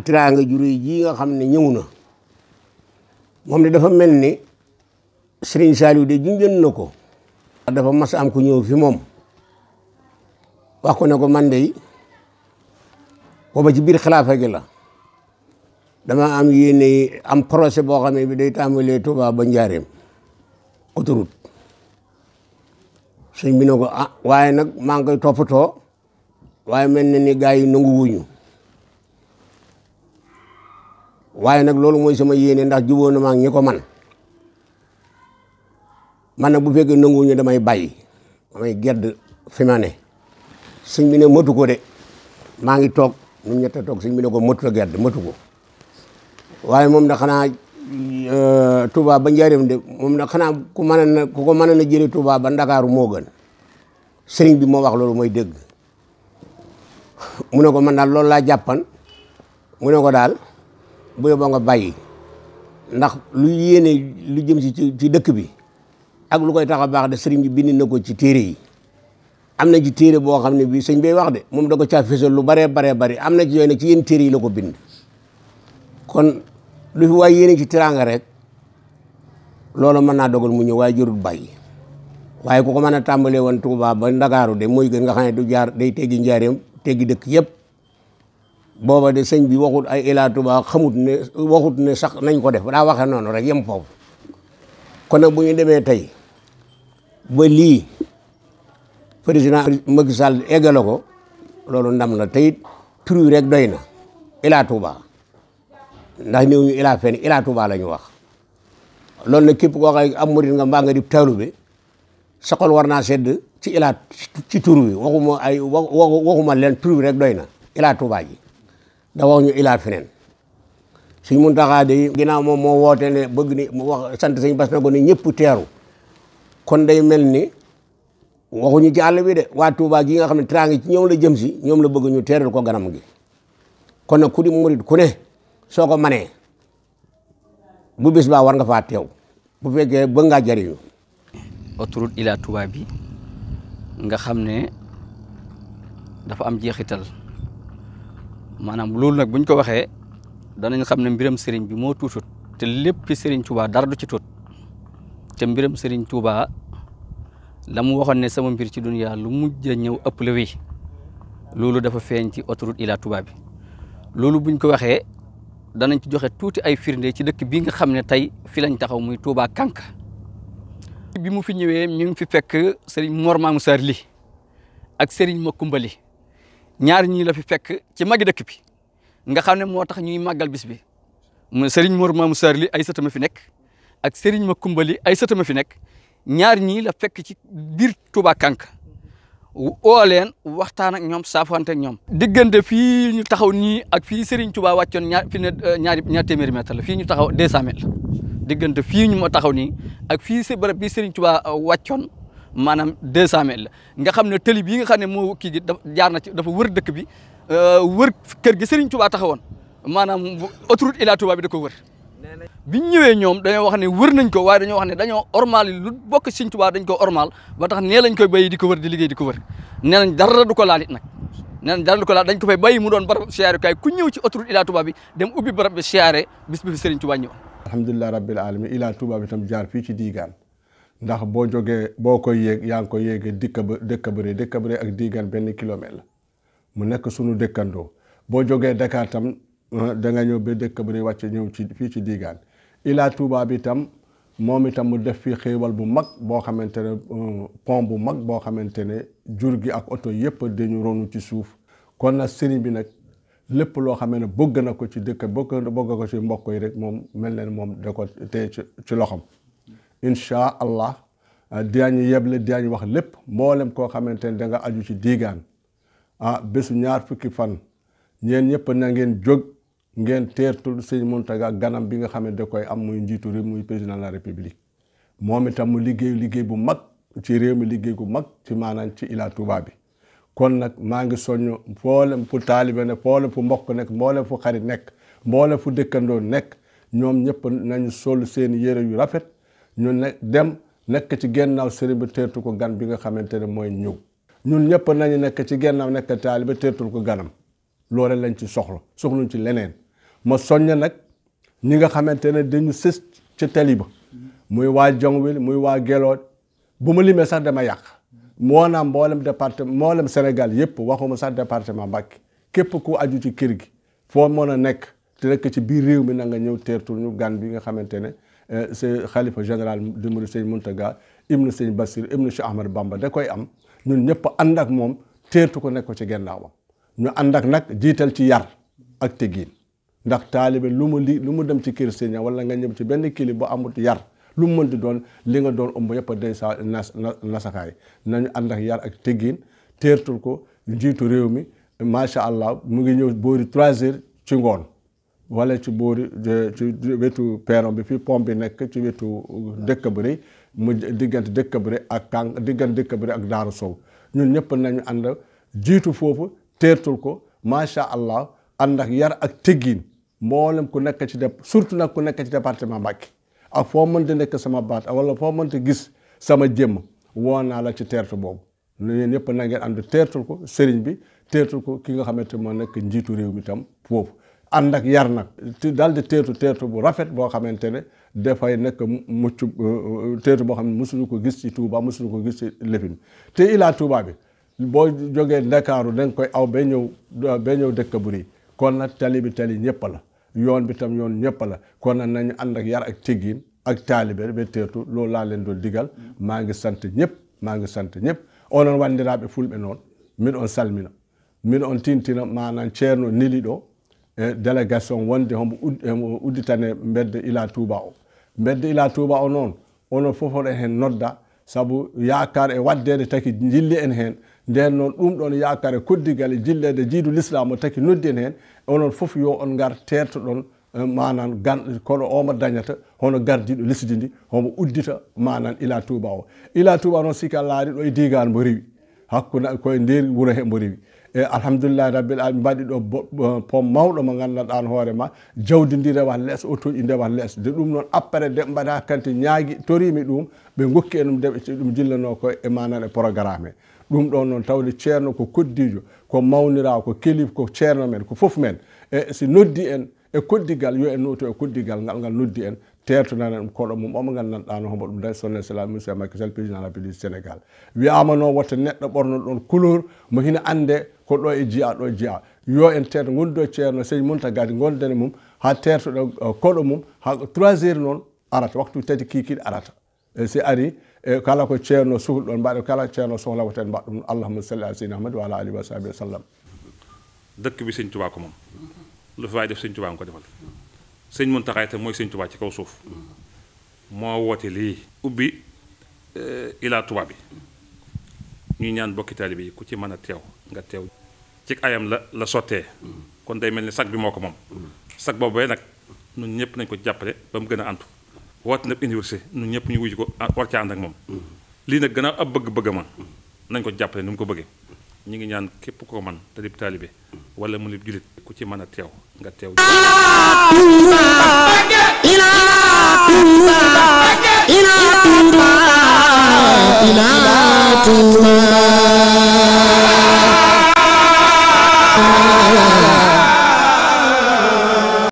tiraanga ju réy ji nga xam ne ñëw na moom di dafa mel ni Serigne Saliou de junjoon na ko dafa mas am ku ñëw fi moom wax ko ne ko man de booba ci biir xilaafa gi la dama am yéene am projet boo xam ne bi day tàmbalee Touba ba Njaareem autoroute sëñ bi ne ko ah, waaye nag maa ngi koy toppatoo waaye mel na ni gars yi nangu wuñu waaye nag loolu mooy sama yéene ndax jubóo na maa ngi ñi ko man man na bu fekkee nanguwuñu damay bàyyi damay gedd fi ma ne sëñ bi ne matu ko de maa ngi toog ñun ñett a toog sëñ bi ne ko matu a gedd matu waaye moom da xanaa Eh, Touba ba Njaareem de moom nag xanaa ku mën na ku ko mën na jëlee Touba ba Ndakaaru moo gën sëriñ bi moo wax loolu mooy dëgg mu ne ko man daal loolu laa jàppan mu ne ko daal bu yóbboo nga bàyyi ndax lu yéene lu jëm si ci dëkk bi ak lu koy tax a baax de sëriñ bi bind na ko ci téere yi am na ci téere boo xam ne bii sëñ bay wax de moom da ko caa lu baree baree bari am na ci yooyu ne ci yi la ko bind kon lu waa waay yéene ci tiraanga rek loolu mën naa dogal mu ñëw waaye jërul bàyyi waaye ku ko mën a tàmbalee woon Touba ba Ndakaaru de mooy gën nga xam ne du jaar day teggi njaareem teggi dëkk yëpp booba de sëñ bi waxut ay Ila Touba xamut ne waxut ne sax nañ ko def daa waxee noonu rek yem foofu kon nag bu ñu demee tey ba lii président Macky Sall eggale ko loolu ndam la tey tur rek doy na Ila ndax néewuñu ilaa fenn ilaa Touba la ñu wax loolu nag képp koo am murit nga mbaa nga di taalube sa xol war naa sedd ci ilaa ci tur wi waxuma ay waxuma leen tur rek doy na ilaa Touba ji da wax ñu ilaa feneen suñ mun taxaa de ginnaaw moom moo woote ne bëgg ni mu wax sant sëñ Bass na ko ne ñëpp teeru kon day mel ni waxuñu ci àll bi de waa gi nga xam ne teraanga ci ñoom la jëm si ñoom la bëgg ñu teeral ko ganam gi kon nag ku murit ku soo ko manee bu bis baa war nga faa teew bu fekkee bëgg ngaa jëriñu autoroute Ila Touba bi nga xam ne dafa am jeexital maanaam loolu nag buñ ko waxee danañ xam ne mbiram sëriñ bi moo tuutut te lépp ci sëriñ dara du ci tuut te mbiram sëriñ Touba la mu waxoon ne sama mbir ci duniya lu mujj ñëw ëpp la loolu dafa feeñ ci autoroute illaa Touba bi loolu buñ ko waxee danañ ci joxe tuuti ay firnde ci dëkk bi nga xam ne tey fi lañ taxaw muy Touba Kanka bi mu fi ñëwee ñu ngi fi fekk sëriñ Mor Mamou Sarr li ak sëriñ Makumba li ñaar ñii la fi fekk ci magi dëkk bi nga xam ne moo tax ñuy màggal bis bi mu sëriñ Mor Mamou li ay satama fi nekk ak sëriñ Makumba li ay satama fi nekk ñaar ñii la fekk ci biir Touba Kanka oo leen waxtaan ak ñoom saafante ak ñoom. diggante fii ñu taxaw nii ak fii Serigne Touba wàccoon ñaar fi ne euh, ñaar téeméeri mètre la fii ñu taxaw 200 mètres diggante fii ñu ma taxaw nii ak fii si barab bi Serigne Touba euh, wàccoon maanaam 200 mètres la nga xam ne tëli bii nga xam ne moo kii gi jaar na ci dafa wër dëkk bi euh, wër kër gi Serigne Touba taxawoon maanaam autoroute Ila Touba bi da ko wër. bi ñu ñëwee ñoom dañoo wax ne wër nañ ko waaye dañoo wax ne dañoo ormal yi lu bokk Sëñ Tuubaa dañ ko ormal ba tax nee lañ koy béyi di ko wër di liggéey di ko wër nee nañ dara du ko laalit nag nee nañ dara du ko laal dañ ko fay béyi mu doon barab siyaare kaay ku ñëw ci autoroute Ila Touba bi dem ubbi barab bi siyaare bis bi Sëriñ Tuubaa ñëw alhamdulilah rabbil alamin Ila Touba bi tam jaar fii ci diigaan ndax boo jógee boo koy yéeg yaa ngi koy yéegee dikka ba dëkka bëre dëkka bëre ak diigaan benn kilomètre la mu nekk sunu dëkkandoo boo jógee Dakar tam da nga ñëw ba dëkk ba ne wàcce ñëw ci fii ci diigaan ilaa Touba bi tam moom itam mu def fii xéewal bu mag boo xamante ne euh, pont bu mag boo xamante ne jur gi ak oto yépp dañu ronu ci suuf kon nag sëriñ bi nag lépp loo xam ne bëgg na ko ci dëkk bëgg bëgg ko ci mbokk yi rek moom mel ne moom da ko tey ci loxam incha allah euh, daañu yeble daañu wax lépp mboolem koo xamante ne danga aju ci diigaan ah bésu ñaar fukki fan ñeen ñëpp na ngeen jóg ngeen teertul sëñ Mountaga ganam bi nga xam ne da koy am muy njiitu réew muy président la république moom itam mu liggéey liggéey bu mag ci réew mu liggéey bu mag ci maanaam ci Ila Touba bi kon nag maa ngi soññ mboolem fu taalibe nekk mboolem fu mbokk nekk mboolem fu xarit nekk mboolem fu dëkkandoo nekk ñoom ñëpp nañu sol seen yére yu rafet ñu ne dem nekk ci gennaaw sëriñ bi teertu ko gan bi nga xamante ne mooy ñëw ñun ñëpp nañu nekk ci gennaaw nekk taalibe teertul ko ganam loole lañ ci soxla soxluñ ci leneen ma soññ nag ñi nga xamante ne dañu sës ca tali ba muy waa Jonwil muy waa Geloo bu ma limee sax dama yàq moo naam mboolem département mboolem Sénégal yëpp waxuma sax département Mbacké képp ku aju ci kër gi foo mën a nekk te nekk ci biir réew mi na ñëw teertu ñu gan bi nga xamante ne euh, se xalifa général du murid sëñ Muntaga ibnu sëñ Basir ibnu Cheikh Ahmad Bamba da koy am ñun ñëpp ànd ak moom teertu ko nekk ko ci gennaawam ñu ànd ak nag jiital ci yar ndax taalibe lu mu li lu dem ci kër sëriñ wala nga ñëw ci benn kili bu amut yar lu mu di doon li nga doon ëmb yëpp day sa nas nasaxaay nañu ànd ak yar ak teggiin teertul ko njiitu réew mi macha allah mu ngi ñëw boori trois heures ci ngoon wala ci boori ci wetu perron bi fii pont bi nekk ci wetu dëkk bu rëy mu diggante dëkk bu ak kàng diggante dëkk bu rëy ak daaru sow ñun ñëpp nañu ànd jiitu foofu teertul ko macha allah ànd ak yar ak teggiin mboolem ku nekk ci dep surtout nag ku nekk ci département Mbacké ak foo mën mënta nekk sama baat wala foo mën mënta gis sama jëmm woo naa la ci teertu boobu yéen ñëpp na ànd teertul ko sëriñ bi teertul ko ki nga xamante moo nekk njiitu réew mi tam foofu ànd ak yar nag daal di teertu teertu bu rafet boo xamante ne dafay nekk mucc euh, euh, teertu boo xam ne mosuñu ko gis ci Touba mosuñu ko gis si Lépine te ilaa Touba bi boo jógee Ndakaaru da koy aw ba ñëw ba ñëw dëkk bu rii kon nag tali bi tali ñëpp la yoon bi tam yoon ñëpp la kon nag nañu ànd ak yar ak teggin ak taalibe be teetu loolu laa leen doon digal maa ngi sant ñëpp maa ngi sant ñëpp onon wanndiraaɓe fulɓe noon min on salmina min on tintina manan ceerno neliɗo e eh, délégation wonde homo udditane bedde ila touba o bedde ila touba o noon onon fof oɗon hen nodda saabu yakar e waddede taki jilli en hen nden noon ɗum ɗon yakare koddigal e jillede jiidu l'islamu taki noddin hen e onon foof yo on gar tertoɗon e, manan ganɗo kono omo dañata hono gardiɗo lesdi ndi homo uddita manan ila o ila touba noon sika laari ɗo e digan mbo rewi nder wuuro he mbo rewi e alhamdulillahi rabbil alamin mbaɗi ɗo pom mawɗo mo gandanɗan hoore ma jawdi ndi rewa less otoji ndewa less de ɗum noon après de mbaɗa hakkante torimi ɗum ɓe gokki enum ɗum jillano koye e manan e programme ɗum ɗon noon tawde ceerno ko koddijo ko mawnirawo ko kelib ko ceerno men ko fof e, e si noddi en e koddigal yo en noto e koddigal ngal ngal noddi en tertonana ɗum koɗo mum mo hina ande ko ɗo e jeeya ɗo e jeeya yo en terto gondu e ceerno seydi monta gadi gondene mum ha tertoɗo koɗo mum ha 3 heures arata waktu tati kikiɗe arata e si ari e kala ko ceerno suhluɗon mbaɗe kala ceerno sohla ko ten mbaɗa ɗum allahuma salli ala seydina ahmad wa ala alihi wa dëkk bi sëñ tubaa ko moom lu fi waay def sëñ tubaa ko defal sëñ Muntaxa itam mooy sëñ tubaa ci kaw suuf woote lii ubbi e, ilaa tubaa bi ñuy ñaan bokki taalibe yi ku ci mën a teew nga teew ci ayam la la sottee kon day mel ni sag bi moo ko moom sag boobee nag noonu ñëpp nañ ko jàppale ba mu gën a àntu woote na université ñun ñëpp ñu wuyu ko ah, war ca ànd moom lii nag gannaaw a bëgg-bëgg ma nañ ko jàppale ni mu ko bëggee ñu ngi ñaan képp ko man te dib taalibe wala mu lib julit ku ci mën a teew nga teew ila